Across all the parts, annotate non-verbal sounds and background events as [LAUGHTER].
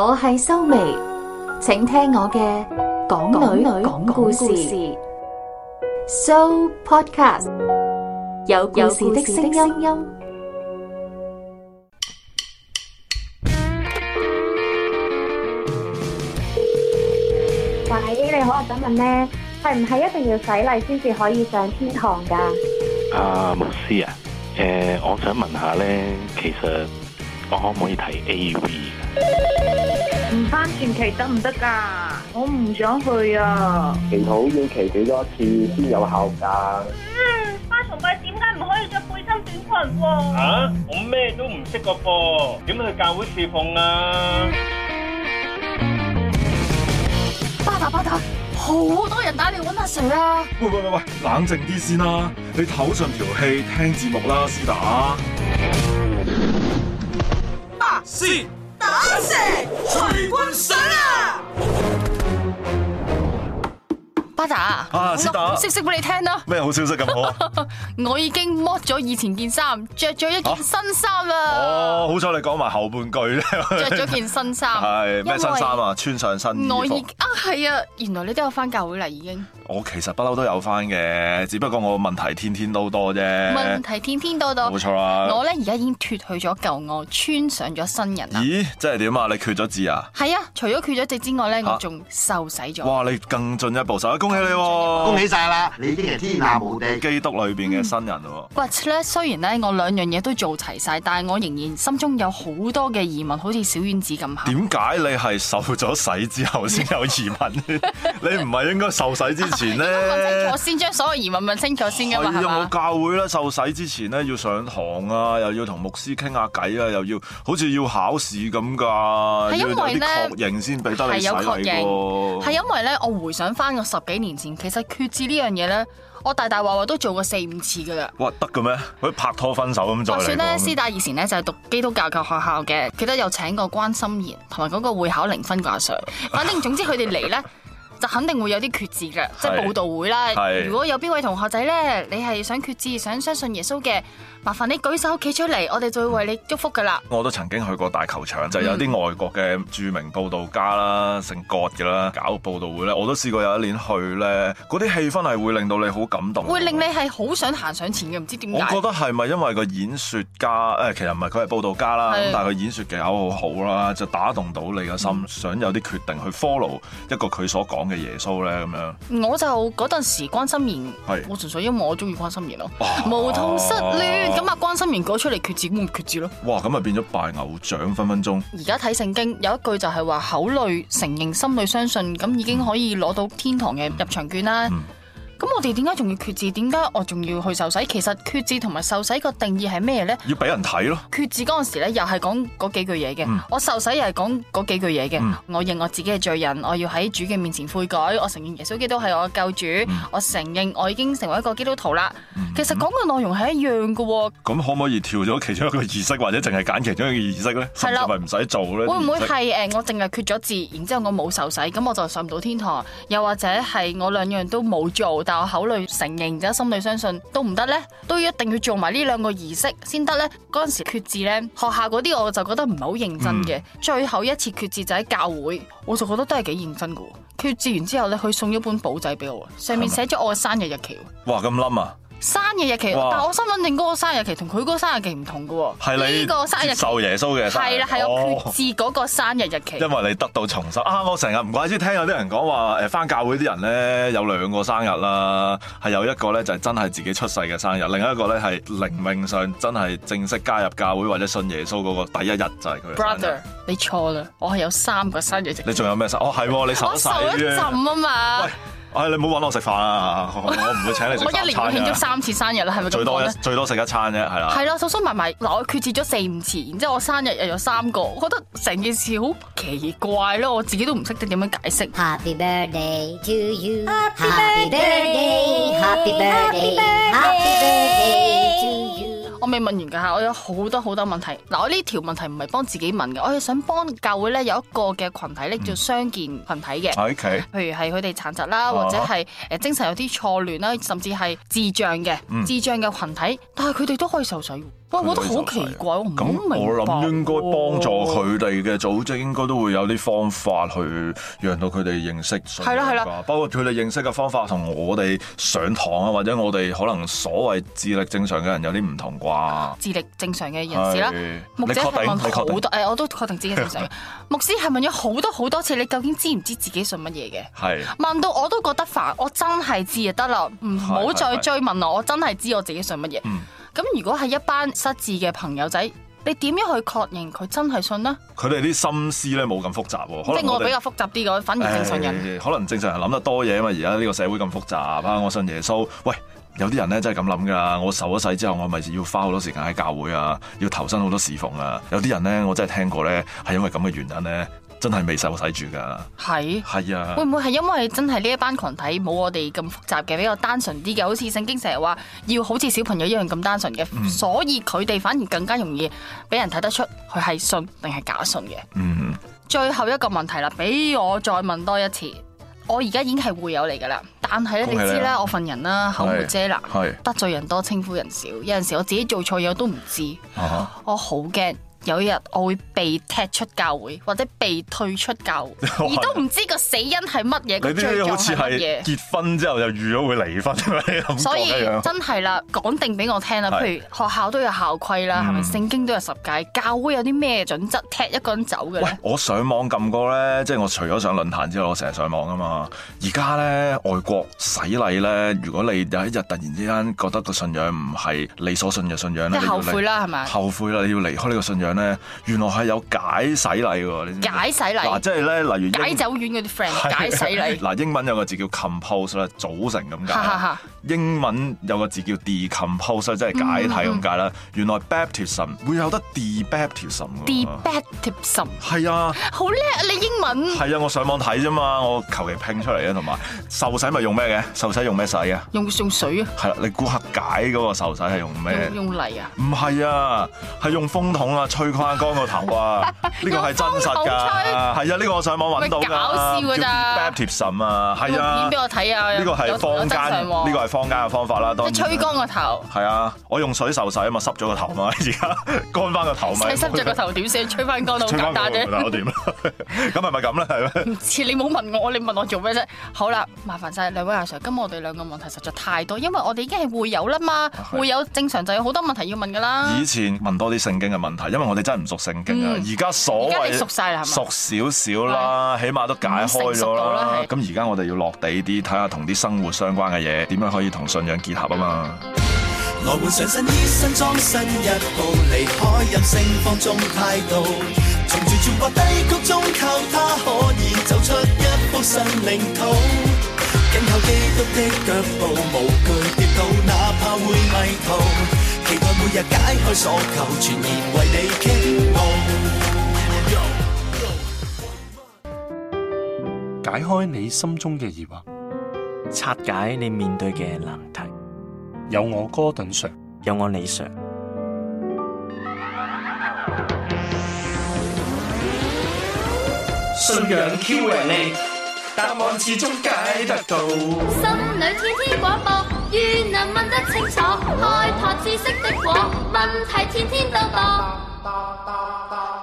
我係修眉，請聽我嘅講女女講故事。Show Podcast 有故事的聲音。喂，你好，我想問咧，係唔係一定要洗禮先至可以上天堂噶？阿牧師啊。誒，我想問下咧，其實我可唔可以睇 AV？唔返前期得唔得㗎？我唔想去啊！祈禱要祈幾多次先有效㗎？嗯，返崇拜點解唔可以着背心短裙喎？啊，我咩都唔識個噃，點去教會侍奉啊？巴打巴打，好，好多人打嚟揾阿 Sir 啊！喂喂喂喂，冷靜啲先啦、啊，你唞順條氣，聽節目啦，絲打啊？巴打。巴阿 s 徐君想啊，巴達達啊，小達識識俾你聽啦？咩好消息咁好，好？ [LAUGHS] 我已經剝咗以前件衫，着咗一件新衫啦、啊。哦，好彩你講埋後半句咧，着 [LAUGHS] 咗件新衫係咩新衫啊？為穿上新我已啊，係啊，原來你都有返教會啦，已經。我其實不嬲都有翻嘅，只不過我問題天天都多啫。問題天天都多，冇錯啦。我咧而家已經脫去咗舊我，穿上咗新人啦。咦？即係點啊？你缺咗字啊？係啊，除咗缺咗字之外咧，啊、我仲受洗咗。哇！你更進一步，首先恭喜你、啊，恭喜晒啦！你已經係天下無敵基督裏邊嘅新人喎。嗰、嗯、雖然咧我兩樣嘢都做齊晒，但係我仍然心中有好多嘅疑問，好似小丸子咁。點解你係受咗洗之後先有疑問？ [LAUGHS] [LAUGHS] 你唔係應該受洗之？前咧，我先將所有疑問問清楚先嘅嘛，係嘛的？吧教會咧受洗之前咧要上堂啊，又要同牧師傾下偈啊，又要好似要考試咁㗎，因為要啲確認先俾得你洗喎。係因為咧，我回想翻個十幾年前，其實決志呢樣嘢咧，我大大話話都做過四五次㗎啦。哇，得嘅咩？可以拍拖分手咁就算話咧，師大以前咧就係讀基督教教、教學校嘅，記得有請過關心妍同埋嗰個會考零分嘅阿 Sir。反正總之佢哋嚟咧。 [LAUGHS] 就肯定會有啲決志嘅，即係報道會啦。如果有邊位同學仔咧，你係想決志、想相信耶穌嘅，麻煩你舉手企出嚟，我哋就會為你祝福㗎啦。我都曾經去過大球場，嗯、就有啲外國嘅著名報道家啦、姓葛嘅啦，搞報道會咧。我都試過有一年去咧，嗰啲氣氛係會令到你好感動，會令你係好想行上前嘅，唔知點解。我覺得係咪因為個演説家？誒，其實唔係佢係報道家啦，是但係佢演説技巧好好啦，就打動到你嘅心，嗯、想有啲決定去 follow 一個佢所講嘅。耶穌咧咁樣，我就嗰陣時關心妍，是我純粹因為我中意關心妍咯，哇無痛失戀，咁啊關心妍攞出嚟決志，咁決志咯。哇，咁啊變咗拜偶像分分鐘。而家睇聖經有一句就係話，口裏承認心裏相信，咁已經可以攞到天堂嘅入場券啦。嗯嗯咁我哋點解仲要決志？點解我仲要去受洗？其實決志同埋受洗個定義係咩咧？要俾人睇咯。決志嗰陣時咧，又係講嗰幾句嘢嘅。嗯、我受洗又係講嗰幾句嘢嘅。嗯、我認我自己係罪人，我要喺主嘅面前悔改。我承認耶穌基督係我嘅救主。嗯、我承認我已經成為一個基督徒啦。嗯、其實講嘅內容係一樣噶。咁、嗯、可唔可以調咗其中一個儀式，或者淨係揀其中一個儀式咧？係咪唔使做咧？會唔會係誒？儀式？我淨係決咗志，然之後我冇受洗，咁我就上唔到天堂？又或者係我兩樣都冇做？考慮承認，而家心裏相信都唔得呢，都要一定要做埋呢兩個儀式先得呢。嗰陣時決志呢，學校嗰啲我就覺得唔係好認真嘅。嗯、最後一次決志就喺教會，我就覺得都係幾認真嘅。決志完之後呢，佢送一本簿仔俾我，上面寫咗我嘅生日日期。哇，咁冧啊！生日日期，但我身份證嗰個生日日期同佢嗰個生日日期唔同噶喎。呢個生日受耶穌嘅係啦，係我決志嗰個生日日期。因為你得到重生啊！我成日唔怪之聽有啲人講話，誒，返教會啲人咧有兩個生日啦，係有一個咧就係真係自己出世嘅生日，另一個咧係靈命上真係正式加入教會或者信耶穌嗰個第一日就係佢。Brother，你錯啦，我係有三個生日。你仲有咩生？哦，係你受洗禮啫。我受一浸啊嘛。唉、哎，你唔好搵我食飯啊！我唔會請你食飯 [LAUGHS] 我一年慶祝三次生日啦，係咪？最多最多食一餐啫，係啦。係咯 [LAUGHS] 疏疏埋埋，嗱，我缺席咗四五次，然之後我生日又有三個，我覺得成件事好奇怪咯，我自己都唔識得點樣解釋。我未問完㗎嚇，我有好多好多問題。嗱，我呢條問題唔係幫自己問嘅，我係想幫教會咧有一個嘅群體，咧叫傷健群體嘅。喺其、嗯，譬如係佢哋殘疾啦，或者係誒精神有啲錯亂啦，甚至係智障嘅智障嘅群體，但係佢哋都可以受水。我覺得好奇怪，我唔明白。咁我諗應該幫助佢哋嘅組織，應該都會有啲方法去讓到佢哋認識。係啦係啦，包括佢哋認識嘅方法，同我哋上堂啊，或者我哋可能所謂智力正常嘅人有啲唔同啩。智力正常嘅人士啦，牧師係問咗好多，誒，我都確定自己正常。牧師係問咗好多好多次，你究竟知唔知自己信乜嘢嘅？係。問到我都覺得煩，我真係知就得啦，唔好再追問我，我真係知我自己信乜嘢。咁如果係一班失智嘅朋友仔，你點樣去確認佢真係信呢？佢哋啲心思咧冇咁複雜，可能即係我比較複雜啲個，我反而正常人。可能正常人諗得多嘢啊嘛！而家呢個社會咁複雜啊，嗯、我信耶穌。喂，有啲人咧真係咁諗噶，我受咗洗之後，我咪要花好多時間喺教會啊，要投身好多侍奉啊。有啲人咧，我真係聽過咧，係因為咁嘅原因咧。真係未受睇住噶，係係是啊，會唔會係因為真係呢一班群體冇我哋咁複雜嘅，比較單純啲嘅，好似聖經成日話要好似小朋友一樣咁單純嘅，嗯，所以佢哋反而更加容易俾人睇得出佢係信定係假信嘅。嗯，最後一個問題啦，俾我再問多一次，我而家已經係會友嚟㗎啦，但係咧你，你知咧，我份人啦，口無遮攔，得罪人多，稱呼人少，有陣時我自己做錯嘢我都唔知，uh huh. 我好驚。有一日我會被踢出教會，或者被退出教會，而都唔知個死因係乜嘢。喂罪你啲好似係么結婚之後就預咗會離婚，所以樣真係啦，講定俾我聽啦。是譬如學校都有校規啦，係咪、嗯？聖經都有十戒，教會有啲咩準則踢一個人走嘅？喂，我上網撳過咧，即係我除咗上論壇之外，我成日上網啊嘛。而家咧外國洗禮咧，如果你有一日突然之間覺得個信仰唔係你所信嘅信仰咧，即係後悔啦，係咪？吧後悔啦，你要離開呢個信仰。咧，原來係有解洗禮喎，你知解洗禮嗱，即係咧，例如解酒丸嗰啲 friend，解洗禮嗱，啊，英文有個字叫 compose 啦，組成咁解。 [LAUGHS] 英文有個字叫 decompose 即係解體咁解啦。原來 baptism 會有得 debaptism 嘅。debaptism 係啊，好叻啊！你英文係啊，我上網睇啫嘛，我求其拼出嚟啊。同埋受洗咪用咩嘅？受洗用咩洗啊？用送水啊！係啦，你顧客解嗰個受洗係用咩？用泥啊？唔係啊，係用風筒啊，吹乾乾個頭啊！呢個係真實㗎，係啊！呢個我上網揾到㗎。搞笑㗎咋？baptism 啊，係啊！俾我睇下！呢個係坊間，呢個係。坊間嘅方法啦，都吹乾個頭。係啊，我用水受洗啊嘛，因為濕咗個頭嘛，而家乾翻個頭咪。濕咗個頭點洗？吹翻乾好簡單啫。咁點啊？咁咪咪咁啦，係咩？唔知你冇問我，你問我做咩啫？好啦，麻煩晒。兩位阿 Sir，今日我哋兩個問題實在太多，因為我哋已經係會友啦嘛，的會友正常就有好多問題要問噶啦。以前多問多啲聖經嘅問題，因為我哋真係唔熟聖經啊。而家、嗯、所而家你熟晒啦，熟少少啦，的起碼都解開咗啦。咁而家我哋要落地啲，睇下同啲生活相關嘅嘢點樣去。要同信仰結合啊嘛！來換上新衣新裝，新一步離開，任性放縱態度，從絕處或低谷中靠他可以走出一步新領土。緊靠基督的腳步，無懼跌倒，哪怕會迷途，期待每日解開所求，全然為你傾慕。解開你心中嘅疑惑。拆解你面對嘅難題，有我哥頓 Sir，有我李 Sir，信仰 Q&A，答案始終解得到。心裏天天廣播，願能問得清楚，開拓知識的我，問題天天都多。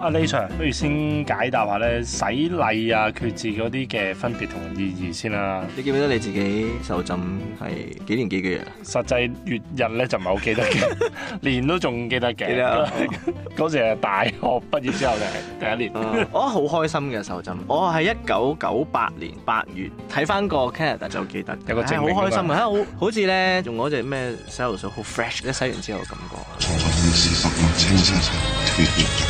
阿 Lay c h a n 不如先解答下咧，洗禮啊、決志嗰啲嘅分別同意義先啦。你記唔記得你自己受浸係幾年幾個月啊？實際月日咧就唔係好記得嘅，年 [LAUGHS] 都仲記得嘅。記得嗰為 [LAUGHS] [LAUGHS] 時係大學畢業之後就 [LAUGHS] 第一年。Uh, 我好開心嘅受浸。我係一九九八年八月睇翻個 Canada 就記得有個證明好開心啊！ [LAUGHS] 好好似咧用嗰隻咩洗頭水好 fresh 一洗完之後感覺。 [LAUGHS]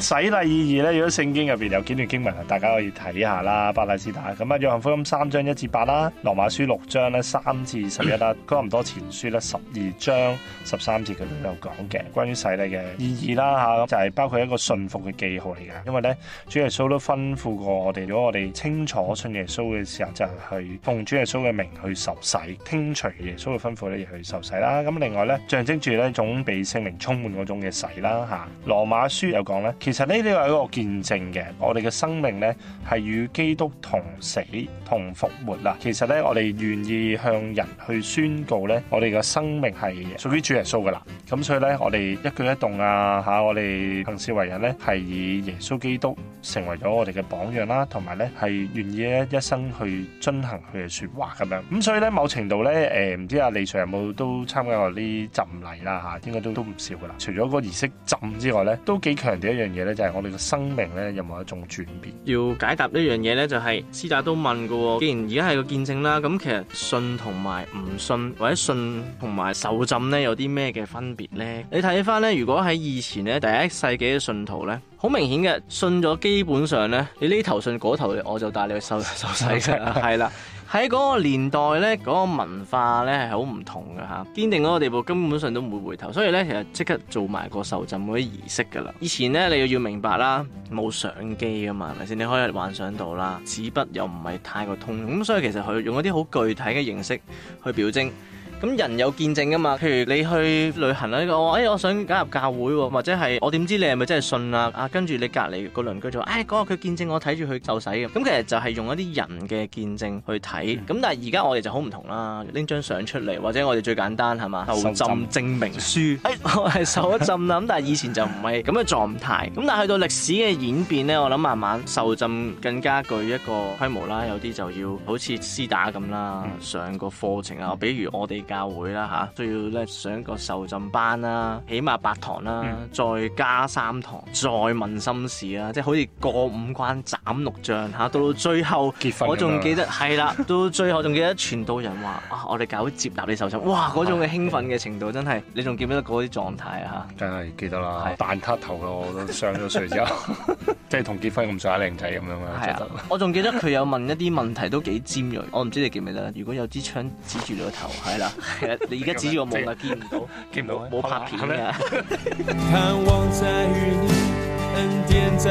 洗禮意義咧，如果聖經入邊有幾段經文啊，大家可以睇下啦。伯利斯打咁啊，約翰福音三章一至八啦，羅馬書六章咧三至十一啦，21, 嗯、差唔多前書咧十二章十三節佢都有講嘅，關於洗禮嘅意義啦吓，咁就係、是、包括一個信服嘅記號嚟噶，因為咧，主耶穌都吩咐過我哋，如果我哋清楚信耶穌嘅時候，就係、是、奉主耶穌嘅名去受洗，聽從耶穌嘅吩咐咧去受洗啦。咁另外咧，象徵住呢一種被聖靈充滿嗰種嘅洗啦吓。羅、啊、馬書有講咧。其實呢，呢個係一個見證嘅，我哋嘅生命咧係與基督同死同復活啦。其實咧，我哋願意向人去宣告咧，我哋嘅生命係屬於主耶穌噶啦。咁所以咧，我哋一舉一動啊吓，我哋行事為人咧係以耶穌基督成為咗我哋嘅榜樣啦，同埋咧係願意咧一生去遵行佢嘅說話咁樣。咁所以咧，某程度咧，誒，唔知阿李 Sir 有冇都參加過呢浸禮啦吓，應該都都唔少噶啦。除咗個儀式浸之外咧，都幾強調一樣嘢。就係我哋嘅生命咧，有冇一種轉變？要解答呢樣嘢咧，就係師仔都問嘅。既然而家係個見證啦，咁其實信同埋唔信，或者信同埋受浸咧，有啲咩嘅分別咧？你睇翻咧，如果喺以前咧，第一世紀嘅信徒咧，好明顯嘅信咗，基本上咧，你呢頭信嗰頭，我就帶你去受受，受洗嘅，係啦。 [LAUGHS] 喺嗰個年代呢，嗰、那個文化呢係好唔同㗎吓、啊，堅定嗰個地步根本上都唔會回頭，所以呢，其實即刻做埋個受浸嗰啲儀式㗎啦。以前呢，你又要明白啦，冇相機㗎嘛，係咪先？你可以幻想到啦，紙筆又唔係太過通用，咁所以其實佢用一啲好具體嘅形式去表徵。咁人有見證噶嘛？譬如你去旅行咧，我、哎、誒我想加入教會喎，啊，或者係我點知你係咪真係信啊？啊，跟住你隔離個鄰居就話，誒嗰個佢見證我睇住佢受洗嘅。咁、嗯、其實就係用一啲人嘅見證去睇。咁、嗯、但係而家我哋就好唔同啦，拎張相出嚟，或者我哋最簡單係嘛受浸證明書，誒、哎、我係受咗浸啦。咁 [LAUGHS] 但係以前就唔係咁嘅狀態。咁、嗯、但係去到歷史嘅演變呢，我諗慢慢受浸更加具一個規模啦。有啲就要好似私打咁啦，嗯、上個課程啊，比如我哋、嗯。教會啦嚇，需要咧上一個受浸班啦，起碼八堂啦，再加三堂，再問心事啦，即係好似過五關斬六將吓，到最後結婚，我仲記得係啦，到最後仲記得傳道人話：啊，我哋教會接納你受浸。哇，嗰種嘅興奮嘅程度真係，你仲記唔記得嗰啲狀態啊？真係記得啦，蛋撻頭咯，我都上咗水之後，即係同結婚咁上下靚仔咁樣。我仲記得佢有問一啲問題都幾尖鋭，我唔知你記唔記得。如果有支槍指住你個頭，係啦。你而家指住我望就見唔到，見唔到，冇 [LAUGHS] 拍片噶，啊。 [LAUGHS] 恩典在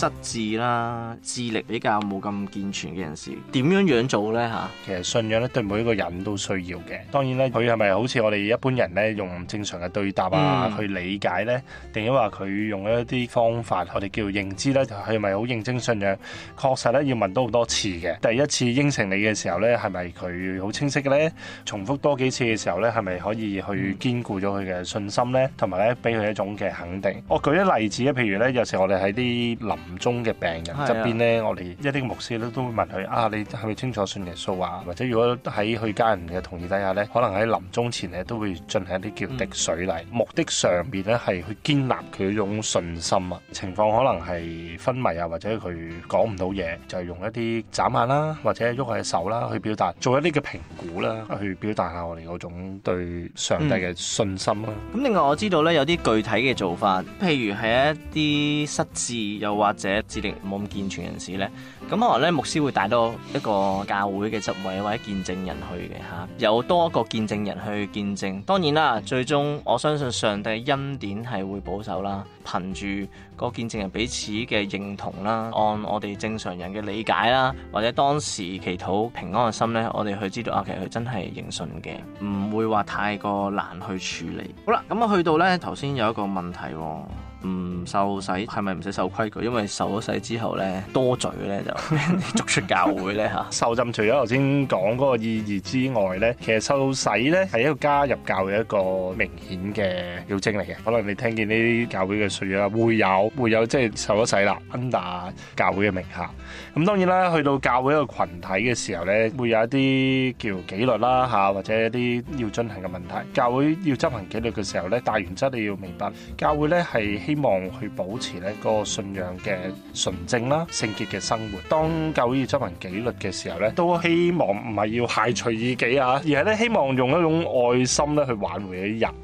失智啦，智力比較冇咁健全嘅人士，點樣樣做呢？嚇？其實信仰咧對每一個人都需要嘅，當然咧佢係咪好似我哋一般人咧用正常嘅對答啊、嗯、去理解呢？定係話佢用一啲方法，我哋叫認知咧，佢係咪好認真信仰？確實咧要問到好多次嘅。第一次應承你嘅時候咧，係咪佢好清晰嘅呢？重複多幾次嘅時候咧，係咪可以去堅固咗佢嘅信心呢？同埋咧俾佢一種嘅肯定。我舉一例子咧，譬如咧有時我哋喺啲臨。臨終嘅病人側的邊咧，我哋一啲牧師咧都會問佢：啊，你係咪清楚信耶穌啊？或者如果喺佢家人嘅同意底下咧，可能喺臨終前咧都會進行一啲叫滴水禮，嗯、目的上邊咧係去建立佢嗰種信心啊。情況可能係昏迷啊，或者佢講唔到嘢，就係、是、用一啲眨眼啦，或者喐下隻手啦去表達，做一啲嘅評估啦，去表達下我哋嗰種對上帝嘅信心啦。咁、嗯嗯、另外我知道咧有啲具體嘅做法，譬如係一啲失智又話，或者智力冇咁健全人士呢，咁我咧牧師會帶到一個教會嘅職位或者見證人去嘅吓，啊，有多一個見證人去見證。當然啦，最終我相信上帝恩典係會保守啦，憑住個見證人彼此嘅認同啦，按我哋正常人嘅理解啦，或者當時祈禱平安嘅心呢，我哋去知道阿、啊、其佢真係認信嘅，唔會話太過難去處理。好啦，咁啊去到呢頭先有一個問題、哦。唔受洗係咪唔使受規矩？因為受咗洗之後咧，多嘴咧就逐出教會咧嚇。受浸除咗頭先講嗰個意義之外咧，其實受洗咧係一個加入教會一個明顯嘅表徵嚟嘅。可能你聽見呢啲教會嘅説話，會有會有即係受咗洗啦 under 教會嘅名下。咁當然啦，去到教會一個羣體嘅時候咧，會有一啲叫紀律啦嚇，或者一啲要進行嘅問題。教會要執行紀律嘅時候咧，大原則你要明白，教會咧係。希望去保持呢嗰個信仰嘅純正啦，聖潔嘅生活。當教會要執行紀律嘅時候呢，都希望唔係要排除異己啊，而係咧希望用一種愛心咧去挽回一啲人。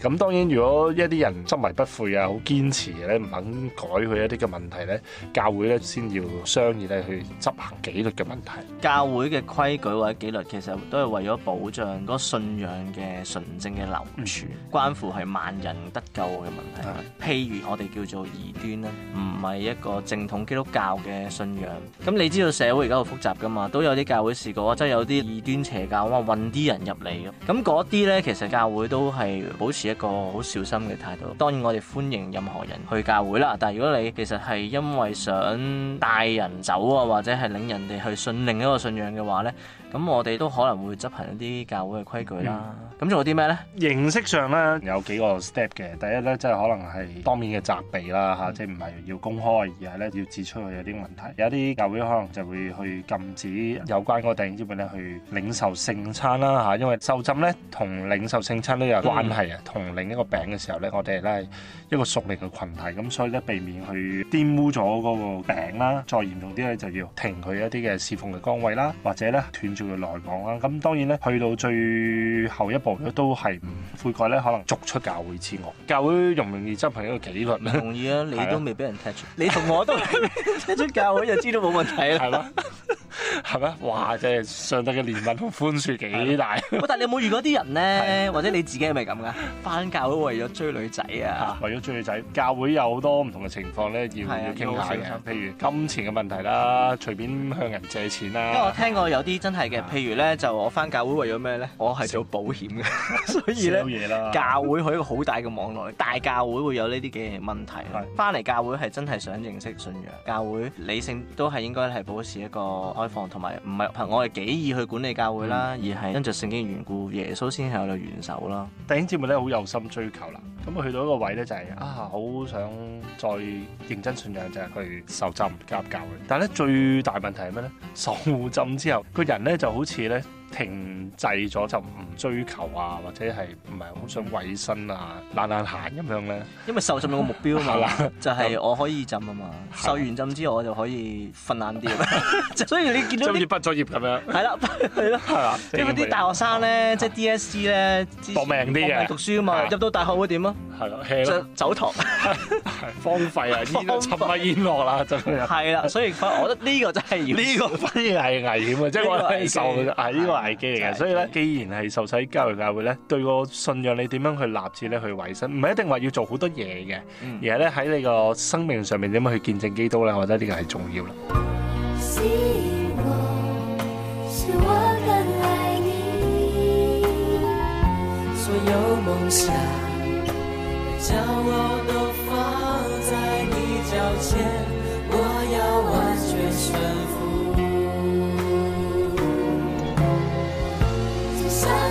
咁當然，如果一啲人執迷不悔啊，好堅持咧，唔肯改佢一啲嘅問題咧，教會咧先要商議咧去執行紀律嘅問題。教會嘅規矩或者紀律其實都係為咗保障嗰個信仰嘅純正嘅流傳，關乎係萬人得救嘅問題。譬如我哋叫做異端啦，唔係一個正統基督教嘅信仰。咁你知道社會而家好複雜㗎嘛，都有啲教會試過即係有啲異端邪教啊，混啲人入嚟嘅。咁嗰啲咧，其實教會都係保持一個好小心嘅態度。當然，我哋歡迎任何人去教會啦。但係如果你其實係因為想帶人走啊，或者係領人哋去信另一個信仰嘅話呢。咁我哋都可能會執行一啲教會嘅規矩啦。咁仲有啲咩呢？形式上呢，有幾個 step 嘅。第一呢，即係可能係當面嘅責備啦，嚇，即係唔係要公開，而係呢要指出佢有啲問題。有啲教會可能就會去禁止有關嗰頂之本呢去領受聖餐啦，嚇，因為受浸呢同領受聖餐都有關係啊。同領一個餅嘅時候呢，我哋呢係一個屬靈嘅羣體，咁所以呢避免去玷污咗嗰個餅啦。再嚴重啲呢，就要停佢一啲嘅侍奉嘅崗位啦，或者呢斷佢來往啦，咁當然咧，去到最後一步咧，都係唔悔改咧，可能逐出教會之惡。教會容唔容易執行一個紀律咧？容易啊！你都未俾人踢出，你同我都踢出教會就知都冇問題啦，係嘛？係咪？哇！真係上帝嘅憐憫同寬恕幾大？但係你有冇遇過啲人咧，或者你自己係咪咁噶？翻教會為咗追女仔啊？為咗追女仔，教會有好多唔同嘅情況咧，要傾下嘅。譬如金錢嘅問題啦，隨便向人借錢啦。因為我聽過有啲真係。嘅，譬如咧就我翻教會為咗咩咧？我係做保險嘅， [LAUGHS] 所以咧夜 [LAUGHS] 教會佢一個好大嘅網絡，大教會會有呢啲嘅問題。係翻嚟教會係真係想認識信仰，教會理性都係應該係保持一個開放，同埋唔係憑我哋幾易去管理教會啦，嗯、而係因着聖經緣故，耶穌先係我哋元首啦。弟兄姊妹咧好有心追求啦，咁啊去到一個位咧就係、是、啊好想再認真信仰，就係、是、去受浸加入教會。但係咧最大問題係咩咧？受浸之後個人咧。就好似呢。停滯咗就唔追求啊，或者係唔係好想委身啊、懶懶閒咁樣咧？因為受浸有個目標啊嘛，就係我可以浸啊嘛。受完浸之後我就可以瞓晏啲，所以你見到啲畢業畢咗業咁樣，係啦係啦，因為啲大學生咧即係 DSE 咧搏命啲嘅讀書啊嘛，入到大學會點啊？係咯，就走堂荒廢啊，煙沉埋煙落啦，真係。係啦，所以我覺得呢個真係呢個反而係危險啊，即係我受矮呢個。契機嚟嘅，所以咧，既然係受洗加入教會咧，對個信仰你點樣去立志咧去維生，唔係一定話要做好多嘢嘅，而係咧喺你個生命上面點樣去見證基督咧，我覺得呢個係重要啦。